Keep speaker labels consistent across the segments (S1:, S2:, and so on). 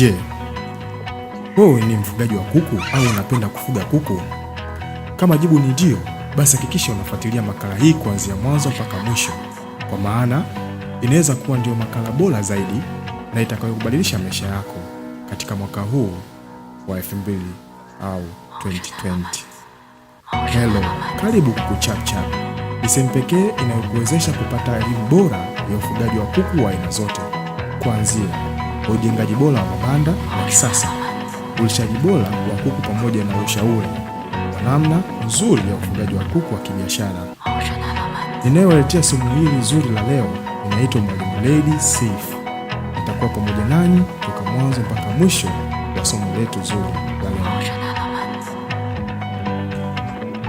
S1: Je, wewe ni mfugaji wa kuku au unapenda kufuga kuku? Kama jibu ni ndio, basi hakikisha unafuatilia makala hii kuanzia mwanzo mpaka mwisho, kwa maana inaweza kuwa ndio makala bora zaidi na itakayokubadilisha maisha yako katika mwaka huu wa 2000 au 2020. Hello, karibu Kuku Chapchap, ni sehemu pekee inayokuwezesha kupata elimu bora ya ufugaji wa kuku wa aina zote kuanzia ujengaji bora wa mabanda wa kisasa, ulishaji bora wa kuku pamoja na ushauri wa namna nzuri ya ufugaji wa kuku wa kibiashara. Ninayewaletea somo hili zuri la leo inaitwa Mwalimu Lady Seif. Nitakuwa pamoja nanyi toka mwanzo mpaka mwisho wa somo letu zuri la leo.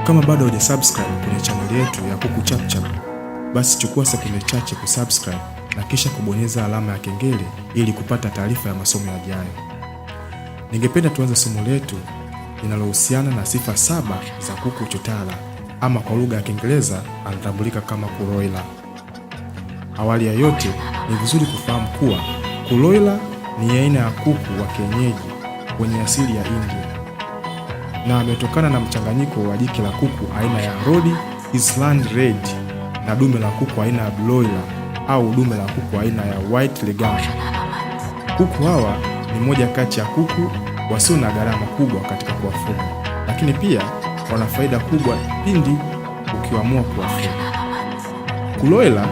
S1: Kama bado hujasubscribe kwenye chaneli yetu ya Kuku Chapchap, basi chukua sekunde chache kusubscribe na kisha kubonyeza alama ya kengele ili kupata taarifa ya masomo yajayo. Ningependa tuanze somo letu linalohusiana na sifa saba za kuku chotara ama kwa lugha ya Kiingereza anatambulika kama kuroila. Awali ya yote, ni vizuri kufahamu kuwa kuroila ni aina ya kuku wa kienyeji wenye asili ya India na ametokana na mchanganyiko wa jike la kuku aina ya Rhode Island Red na dume la kuku aina ya broiler au dume la kuku aina ya white leghorn. Kuku hawa ni moja kati ya kuku wasio na gharama kubwa katika kuwafuga, lakini pia wana faida kubwa pindi ukiamua kuwafuga. Kuloela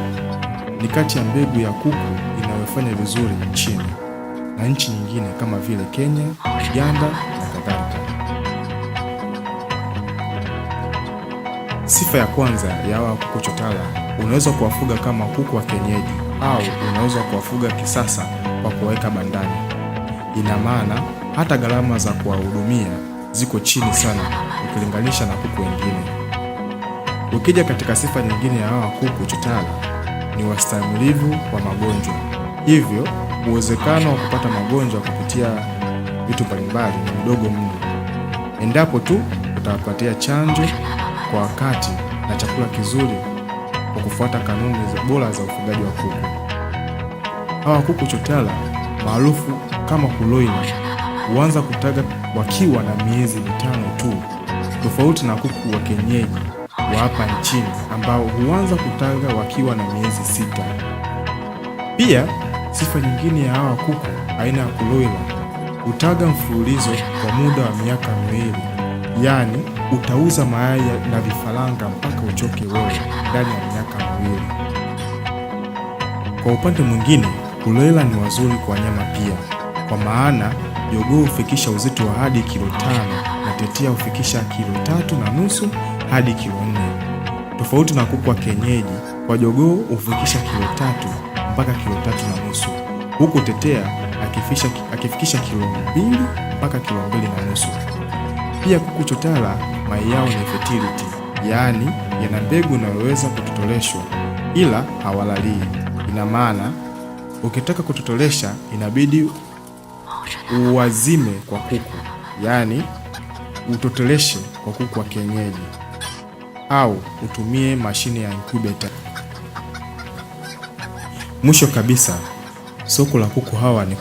S1: ni kati ya mbegu ya kuku inayofanya vizuri nchini na nchi nyingine kama vile Kenya, Uganda Sifa ya kwanza ya hawa kuku chotara, unaweza kuwafuga kama kuku wa kienyeji au unaweza kuwafuga kisasa kwa kuwaweka bandani. Ina maana hata gharama za kuwahudumia ziko chini sana ukilinganisha na kuku wengine. Ukija katika sifa nyingine ya hawa kuku chotara, ni wastahimilivu wa magonjwa, hivyo uwezekano wa kupata magonjwa kupitia vitu mbalimbali ni mdogo mno, endapo tu utawapatia chanjo kwa wakati na chakula kizuri kwa kufuata kanuni bora za ufugaji wa kuku. Hawa kuku chotara maarufu kama kuloina huanza kutaga wakiwa na miezi mitano tu, tofauti na kuku wa kienyeji wa hapa nchini ambao huanza kutaga wakiwa na miezi sita. Pia sifa nyingine ya hawa kuku aina ya kuloina hutaga mfululizo kwa muda wa miaka miwili yaani utauza mayai na vifaranga mpaka uchoke wewe ndani ya miaka miwili. Kwa upande mwingine, ulela ni wazuri kwa wanyama pia, kwa maana jogoo hufikisha uzito wa hadi kilo tano na tetea hufikisha kilo tatu na nusu hadi kilo nne tofauti na kuku wa kienyeji. Kwa jogoo hufikisha kilo tatu mpaka kilo tatu na nusu huku tetea akifikisha kilo mbili mpaka kilo mbili na nusu. Pia kuku chotara mayai yao ni fertility, yaani yana mbegu inayoweza kutotoleshwa, ila hawalalii. Ina maana ukitaka kutotolesha inabidi uwazime kwa kuku, yaani utotoleshe kwa kuku wa kienyeji au utumie mashine ya incubator. Mwisho kabisa, soko la kuku hawa ni